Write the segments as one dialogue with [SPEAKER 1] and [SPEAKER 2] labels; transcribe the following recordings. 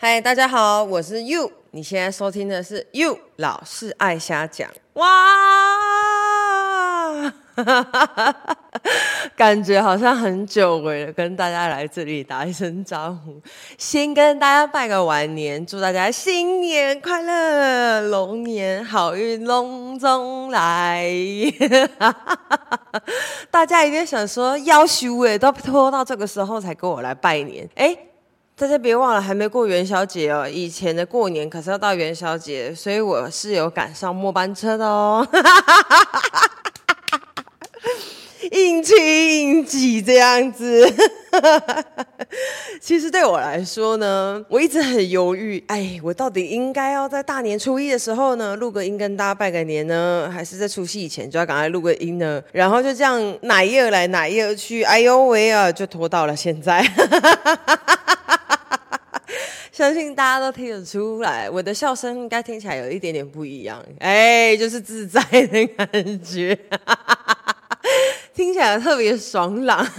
[SPEAKER 1] 嗨，Hi, 大家好，我是 Yu，你現在收聽的是 Yu 老是愛瞎講哇， 感覺好像很久違了，跟大家來這裡打一聲招呼，先跟大家拜個晚年，祝大家新年快樂，龍年好運隆重來。 大家一定想說，夭壽欸，都拖到這個時候才跟我來拜年、欸大家別忘了，還沒過元宵節哦。以前的過年可是要到元宵節，所以我是有趕上末班車的哦。應情應景這樣子。 其實對我來說呢，我一直很猶豫。哎，我到底應該要在大年初一的時候呢錄個音跟大家拜個年呢，還是在除夕以前就要趕快錄個音呢？然後就這樣哪月來哪月去，哎呦喂啊，就拖到了現在。 相信大家都聽得出來，我的笑聲應該聽起來有一點點不一樣，哎、欸，就是自在的感覺， 聽起來特別爽朗。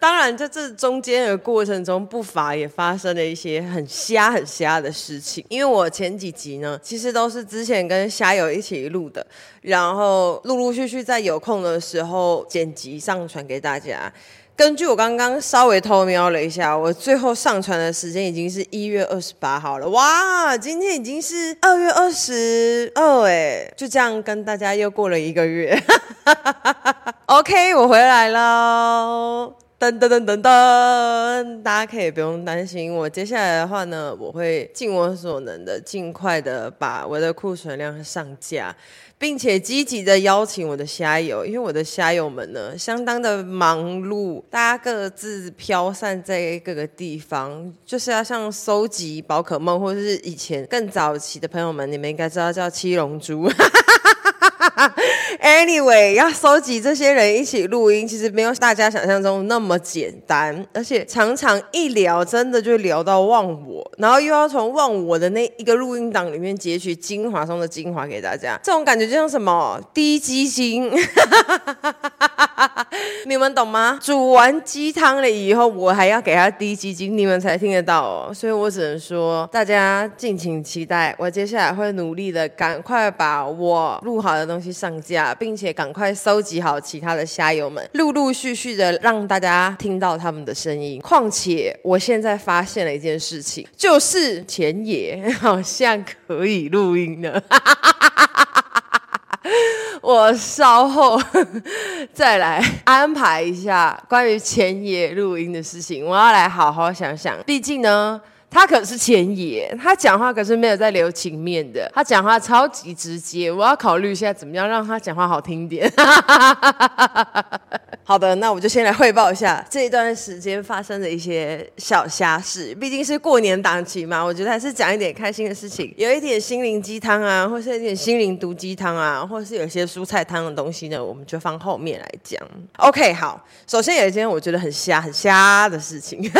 [SPEAKER 1] 當然，在這中間的過程中，不乏也發生了一些很瞎、很瞎的事情。因為我前幾集呢，其實都是之前跟蝦友一起錄的，然後陸陸續續在有空的時候剪輯上傳給大家。根據我剛剛稍微偷瞄了一下，我最後上傳的時間已經是一月二十八號了。哇，今天已經是二月二十二，哎，就這樣跟大家又過了一個月。哈哈哈哈哈，OK，我回來嘍。噔噔噔等等，大家可以不用擔心我，我接下來的話呢，我會盡我所能的盡快的把我的庫存量上架，並且積極的邀請我的蝦友，因為我的蝦友們呢相當的忙碌，大家各自飄散在各個地方，就是要像收集寶可夢，或者是以前更早期的朋友們，你們應該知道叫七龍珠。 Anyway，要收集這些人一起錄音，其實沒有大家想象中那麼簡單，而且常常一聊，真的就聊到忘我，然後又要從忘我的那一個錄音檔裡面截取精華中的精華給大家，這種感覺就像什麼？滴雞精，哈哈。 你們懂嗎？煮完雞湯了以後，我還要給他滴雞精，你們才聽得到，哦。所以我只能說大家敬請期待，我接下來會努力的，趕快把我錄好的東西上架。並且趕快蒐集好其他的蝦友們，陸陸續續的讓大家聽到他們的聲音。況且，我現在發現了一件事情，就是前野好像可以錄音了。 我稍後 再來安排一下關於前野錄音的事情，我要來好好想想。畢竟呢。他可是前野，他講話可是沒有在留情面的，他講話超級直接。我要考慮一下怎麼樣讓他講話好聽點。 好的，那我就先來匯報一下這一段時間發生的一些小蝦事。畢竟是過年檔期嘛，我覺得還是講一點開心的事情，有一點心靈雞湯啊，或是一點心靈毒雞湯啊，或是有一些蔬菜湯的東西呢，我們就放後面來講。OK，好，首先有一件我覺得很瞎很瞎的事情，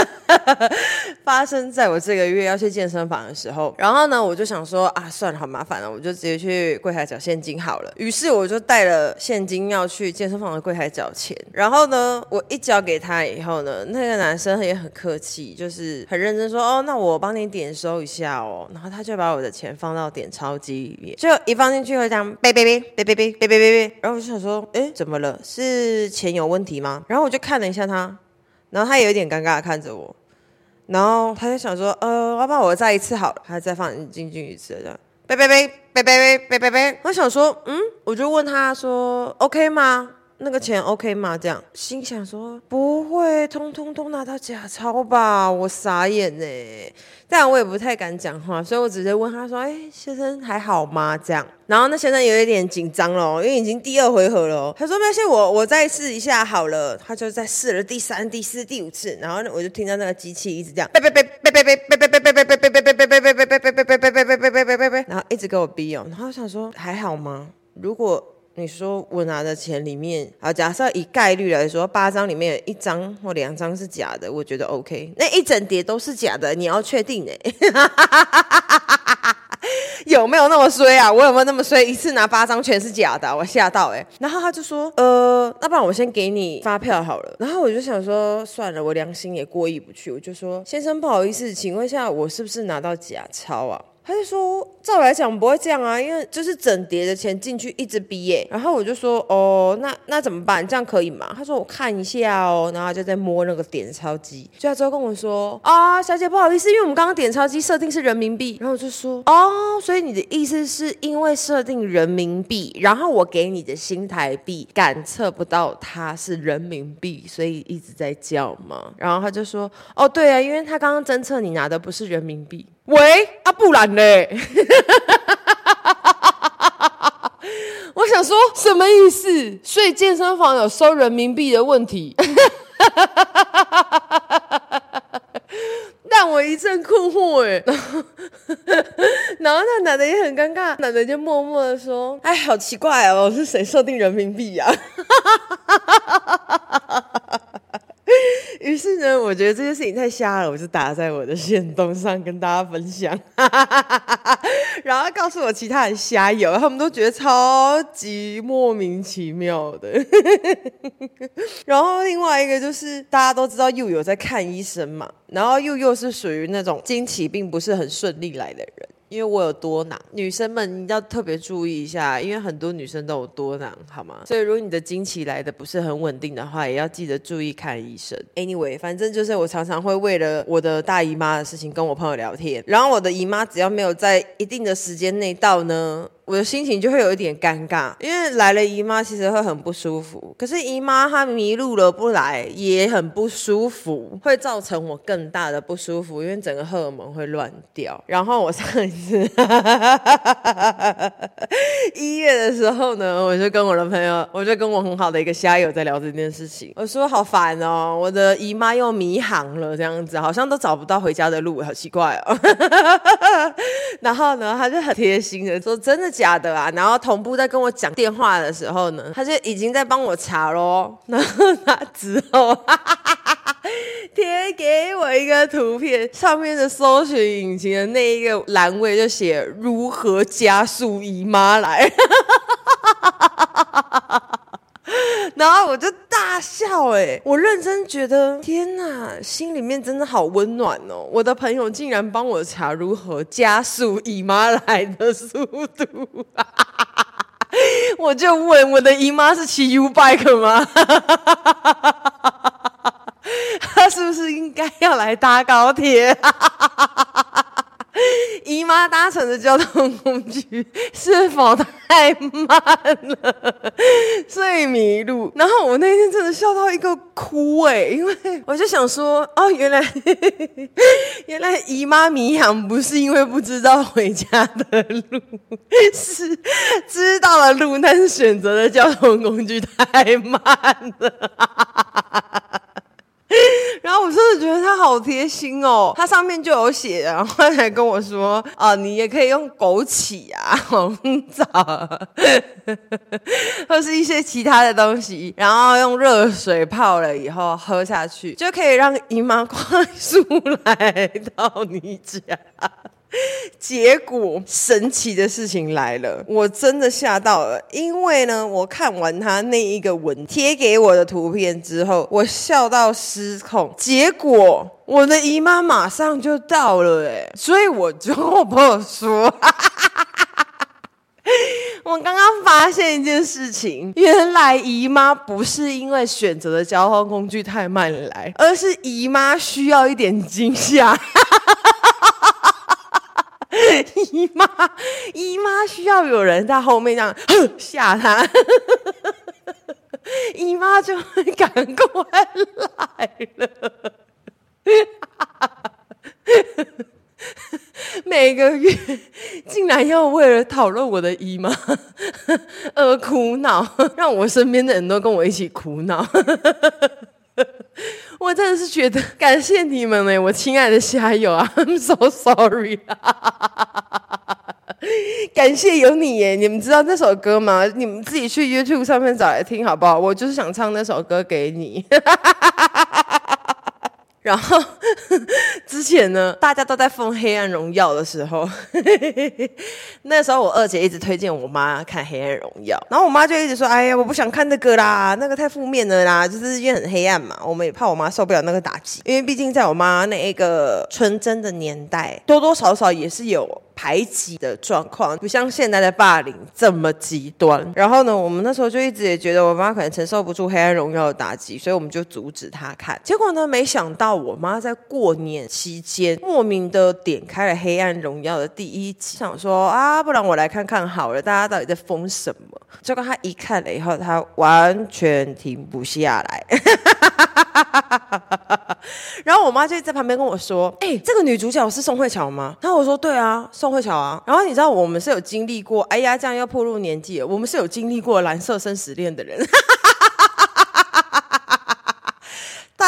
[SPEAKER 1] 發生在我。這個月要去健身房的時候，然後呢，我就想說啊，算了，好麻煩了，我就直接去櫃檯繳現金好了。於是我就帶了現金要去健身房的櫃檯繳錢。然後呢，我一交給他以後呢，那個男生也很客氣，就是很認真說，哦，那我幫你點收一下哦。然後他就把我的錢放到點鈔機裡面，就一放進去會這樣，嗶嗶嗶，嗶嗶嗶，嗶嗶嗶嗶。然後我就想說，誒，怎麼了？是錢有問題嗎？然後我就看了一下他，然後他也有一點尷尬的看着我。然後他就想說，呃，要不然我再一次好了，還是再放進，進去一次這樣，背背背背背背背背。我想說，嗯，我就問他說，OK 嗎？那個錢 ok 嗎？這樣心想說，不會通通都拿到假鈔吧？我傻眼呢，但我也不太敢講話，所以我直接問他說，哎、欸、先生還好嗎？這樣。然後那先生有一點緊張了，因為已經第二回合了。他說沒事，我我再試一下好了。他就再試了第三第四第五次，然後我就聽到那個機器一直這樣，然後一直給我逼哦、喔、然後我想說，還好嗎？如果你說我拿的錢裡面啊，假設以概率來說，八張裡面有一張或兩張是假的，我覺得 OK。那一整疊都是假的，你要確定哎， 有沒有那麼衰啊？我有沒有那麼衰？一次拿八張全是假的，我嚇到哎。然後他就說，呃，那不然我先給你發票好了。然後我就想說，算了，我良心也過意不去，我就說，先生不好意思，請問一下，我是不是拿到假鈔啊？他就說：“照我來講不會這樣啊，因為就是整疊的錢進去一直嗶耶。”然後我就說：“哦，那那怎麼辦？這樣可以嗎？”他說：“我看一下哦。”然後他就在摸那個點鈔機，就他之後跟我說：“啊、哦，小姐不好意思，因為我們剛剛點鈔機設定是人民幣。”然後我就說：“哦，所以你的意思是因為設定人民幣，然後我給你的新台幣感測不到它是人民幣，所以一直在叫嘛？”然後他就說：“哦，對啊，因為他剛剛偵測你拿的不是人民幣。”喂，阿布蘭呢？ 我想說什麼意思？所以健身房有收人民幣的問題，但 我一陣困惑。哎， 然後那男的也很尷尬，男的就默默的說：“哎，好奇怪哦，是誰設定人民幣呀，啊？” 於是呢，我覺得這件事情太瞎了，我就打在我的限動上跟大家分享， 然後告訴我其他人蝦友、哦、他們都覺得超級莫名其妙的。 然後另外一個就是大家都知道佑佑在看醫生嘛，然後佑佑是屬於那種驚奇並不是很順利來的人。因為我有多囊，女生們你要特別注意一下，因為很多女生都有多囊，好嗎？所以如果你的經期來的不是很穩定的話，也要記得注意看醫生。Anyway，反正就是我常常會為了我的大姨媽的事情跟我朋友聊天，然後我的姨媽只要沒有在一定的時間內到呢，我的心情就會有一點尷尬，因為來了姨媽其實會很不舒服。可是姨媽她迷路了不來也很不舒服，會造成我更大的不舒服，因為整個荷爾蒙會亂掉。然後我上一次一月 的時候呢，我就跟我的朋友，我就跟我很好的一個蝦友在聊這件事情。我說好煩哦，我的姨媽又迷航了，這樣子好像都找不到回家的路，好奇怪哦。 然後呢，他就很貼心的說，真的假假的啊！然後同步在跟我講電話的時候呢，他就已經在幫我查咯。然後他之後，哈，哈，哈，哈，哈，貼給我一個圖片，上面的搜尋引擎的那一個欄位就寫“如何加速姨媽來”。哈，哈，哈，哈，哈，哈，哈，哈。 然後我就大笑哎、欸，我認真覺得，天哪，心裡面真的好溫暖哦！我的朋友竟然幫我查如何加速姨媽來的速度， 我就問我的姨媽是騎 U-bike 嗎？她 是不是應該要來搭高鐵？ 姨媽搭乘的交通工具是否太慢了？最迷路。然後我那天真的笑到一個哭哎、欸，因為我就想說，哦，原來原來姨媽迷航不是因為不知道回家的路，是知道了路，但是選擇的交通工具太慢了。然後我真的覺得他好貼心哦，他上面就有寫，然後還跟我說啊，你也可以用枸杞啊、紅棗，或是一些其他的東西，然後用熱水泡了以後喝下去，就可以讓姨媽快速來到你家。結果神奇的事情來了，我真的嚇到了。因為呢，我看完他那一個文貼給我的圖片之後，我笑到失控。結果我的姨媽馬上就到了，哎，所以我就跟我朋友說， 我剛剛發現一件事情，原來姨媽不是因為選擇的交通工具太慢來，而是姨媽需要一點驚嚇。 姨媽，姨媽需要有人在後面這樣嚇她，姨媽就會趕過來了。每個月竟然要為了討論我的姨媽而苦惱，讓我身邊的人都跟我一起苦惱。我真的是覺得感謝你們哎，我親愛的蝦友啊，I'm so sorry， 感謝有你耶！你們知道那首歌嗎？你們自己去 YouTube 上面找來聽好不好？我就是想唱那首歌給你。 然後之前呢，大家都在瘋《黑暗榮耀》的時候，那時候我二姐一直推薦我媽看《黑暗榮耀》，然後我媽就一直說：“哎呀，我不想看這個啦，那個太負面了啦，就是因為很黑暗嘛。”我們也怕我媽受不了那個打擊，因為畢竟在我媽那一個純真的年代，多多少少也是有。排擠的狀況，不像現在的霸凌這麼極端。然後呢，我們那時候就一直也覺得我媽可能承受不住《黑暗榮耀》的打擊，所以我們就阻止她看。結果呢，沒想到我媽在過年期間，莫名的點開了《黑暗榮耀》的第一集，想說啊，不然我來看看好了，大家到底在瘋什麼？結果他一看了以後，他完全停不下來， 然後我媽就在旁邊跟我說：“哎、欸，這個女主角是宋慧喬嗎？”然後我說：“對啊，宋慧喬啊。”然後你知道我們是有經歷過，哎呀，這樣要暴露年紀，我們是有經歷過藍色生死戀的人。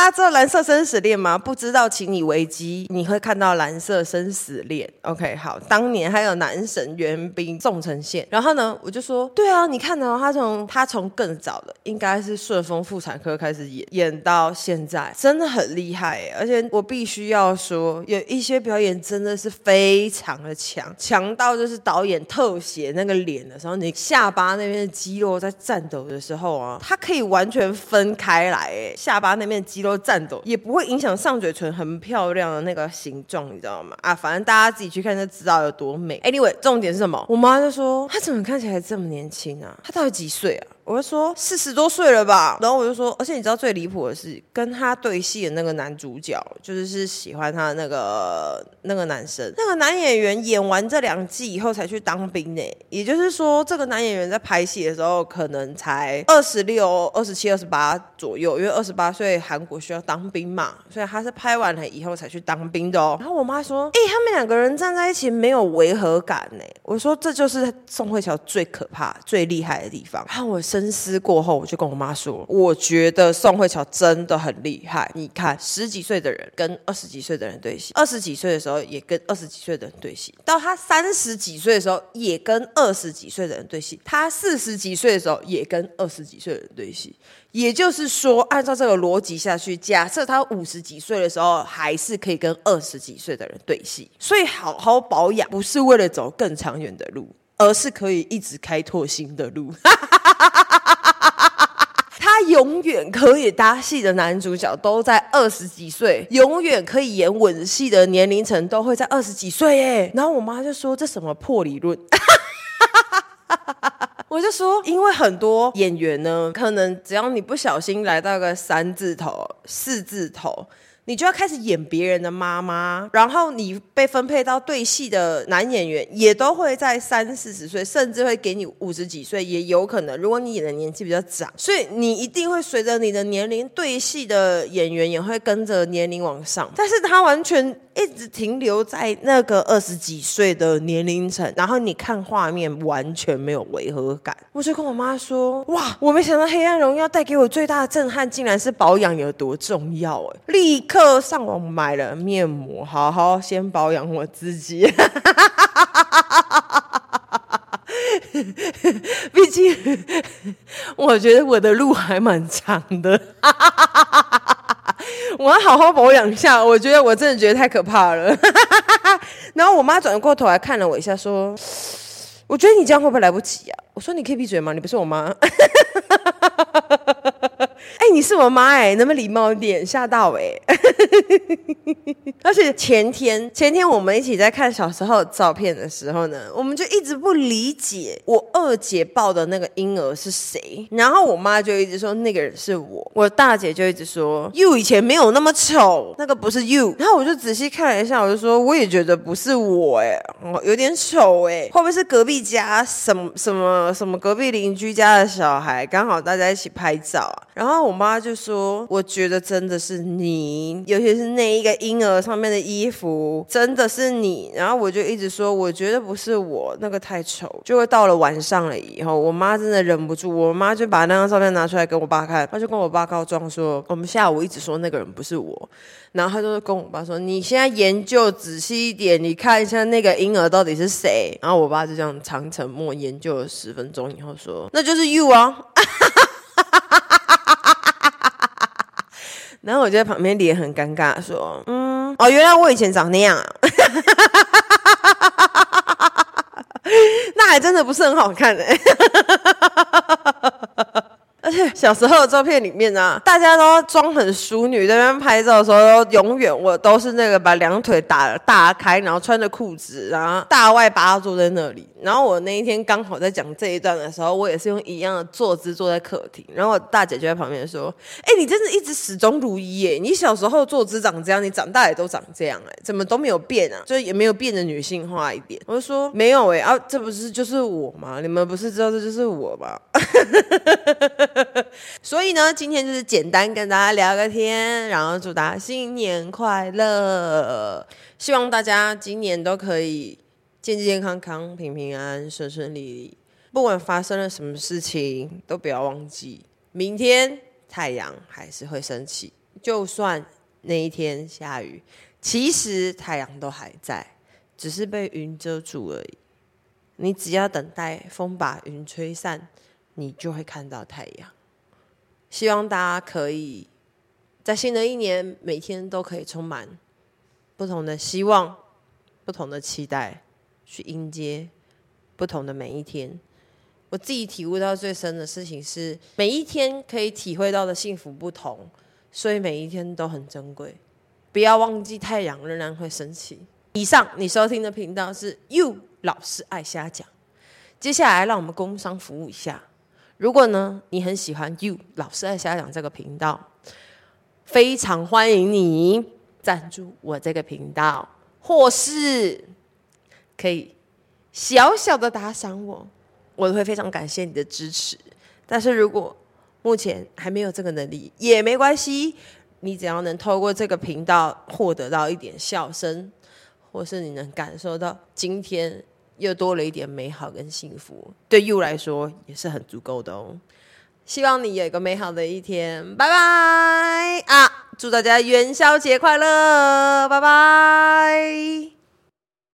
[SPEAKER 1] 他、啊、知道《藍色生死戀》嗎？不知道，請你維基，你會看到《藍色生死戀》。OK，好，當年還有男神元彬宋承憲。然後呢，我就說，對啊，你看呢，他從他從更早的應該是《順風婦產科》開始演演到現在，真的很厲害。而且我必須要說，有一些表演真的是非常的強，強到就是導演特寫那個臉的時候，你下巴那邊的肌肉在顫抖的時候啊，他可以完全分開來，下巴那邊肌肉。戰鬥也不會影響上嘴唇很漂亮的那個形狀，你知道嗎？啊，反正大家自己去看就知道有多美。Anyway，重點是什麼？我媽就說她怎麼看起來這麼年輕啊？她到底幾歲啊？我就說四十多歲了吧，然後我就說，而且你知道最離譜的是，跟他對戲的那個男主角，就是是喜歡他的那個那個男生，那個男演員演完這兩季以後才去當兵呢。也就是說，這個男演員在拍戲的時候可能才二十六、二十七、二十八左右，因為二十八歲韓國需要當兵嘛，所以他是拍完了以後才去當兵的哦。然後我媽說：“哎、欸，他們兩個人站在一起沒有違和感呢。”我說：“這就是宋慧喬最可怕、最厲害的地方。”然後我。深思過後，我就跟我媽說：“我覺得宋慧喬真的很厲害。你看，十幾歲的人跟二十幾歲的人對戲，二十幾歲的時候也跟二十幾歲的人對戲，到他三十幾歲的時候也跟二十幾歲的人對戲，他四十幾歲的時候也跟二十幾歲的人對戲。也就是說，按照這個邏輯下去，假設他五十幾歲的時候還是可以跟二十幾歲的人對戲。所以，好好保養不是為了走更長遠的路，而是可以一直開拓新的路。”他永遠可以搭戲的男主角都在二十幾歲，永遠可以演吻戲的年齡層都會在二十幾歲。哎，然後我媽就說：“這什麼破理論？” 我就說：“因為很多演員呢，可能只要你不小心來到個三字頭、四字頭。”你就要開始演別人的媽媽，然後你被分配到對戲的男演員也都會在三四十歲，甚至會給你五十幾歲也有可能。如果你演的年紀比較長，所以你一定會隨着你的年齡，對戲的演員也會跟着年齡往上。但是他完全一直停留在那個二十幾歲的年齡層，然後你看畫面完全沒有違和感。我就跟我媽說，哇，我沒想到《黑暗榮耀》帶給我最大的震撼，竟然是保養有多重要，欸。哎，立特上網買了面膜，好好先保養我自己。 畢竟我覺得我的路還蠻長的， 我要好好保養一下。我覺得我真的覺得太可怕了。 然後我媽轉過頭來看了我一下，說：“我覺得你這樣會不會來不及呀、啊？”我說：“你可以閉嘴嗎？你不是我媽。 ”哎、欸，你是我媽哎、欸，那麼禮貌一點？嚇到哎、欸！ 而且前天前天我們一起在看小時候的照片的時候呢，我們就一直不理解我二姐抱的那個嬰兒是誰。然後我媽就一直說那個人是我，我大姐就一直說 you 以前沒有那麼醜，那個不是 you。然後我就仔細看了一下，我就說我也覺得不是我哎、欸，我、哦、有點醜哎、欸，會不會是隔壁家什麼什麼什麼隔壁鄰居家的小孩？剛好大家一起拍照啊，然後。然後我媽就說：“我覺得真的是你，尤其是那一個嬰兒上面的衣服真的是你。”然後我就一直說：“我覺得不是我，那個太醜。”就會到了晚上了以後，我媽真的忍不住，我媽就把那張照片拿出來跟我爸看，她就跟我爸告狀說：“我們下午一直說那個人不是我。”然後她就是跟我爸說：“你現在研究仔細一點，你看一下那個嬰兒到底是誰。”然後我爸就這樣長沉默，研究了十分鐘以後說：“那就是 you 啊。 ”然後我就在旁邊臉很尷尬，說：“嗯，哦，原來我以前長那樣啊， 那還真的不是很好看哎 而且小時候的照片裡面呢、啊，大家都裝很淑女，在那邊拍照的時候，都永遠我都是那個把兩腿打了打開，然後穿着褲子，然後大外八坐在那裡。然後我那一天剛好在講這一段的時候，我也是用一樣的坐姿坐在客廳。然後我大姐就在旁邊說：“哎、欸，你真的一直始終如一誒、欸！你小時候坐姿長這樣，你長大也都長這樣哎、欸，怎麼都沒有變啊？就是也沒有變得女性化一點。”我就說：“沒有哎、欸，啊，這不是就是我嗎？你們不是知道這就是我嗎？”哈哈哈。 所以呢，今天就是簡單跟大家聊個天，然後祝大家新年快樂！希望大家今年都可以健健康康、平平安安、順順利利。不管發生了什麼事情，都不要忘記，明天太陽還是會升起。就算那一天下雨，其實太陽都還在，只是被雲遮住而已。你只要等待風把雲吹散。你就會看到太陽。希望大家可以在新的一年，每天都可以充滿不同的希望、不同的期待，去迎接不同的每一天。我自己體悟到最深的事情是，每一天可以體會到的幸福不同，所以每一天都很珍貴。不要忘記，太陽仍然會升起。以上，你收聽的頻道是 Yu 老師愛瞎講。接下來，來，讓我們工商服務一下。如果呢，你很喜歡 You 老師愛瞎講這個頻道，非常歡迎你贊助我這個頻道，或是可以小小的打賞我，我都會非常感謝你的支持。但是如果目前還沒有這個能力也沒關係，你只要能透過這個頻道獲得到一點笑聲，或是你能感受到今天。又多了一點美好跟幸福，對 you 來說也是很足夠的哦。希望你有一個美好的一天，拜拜啊！祝大家元宵節快樂，拜拜！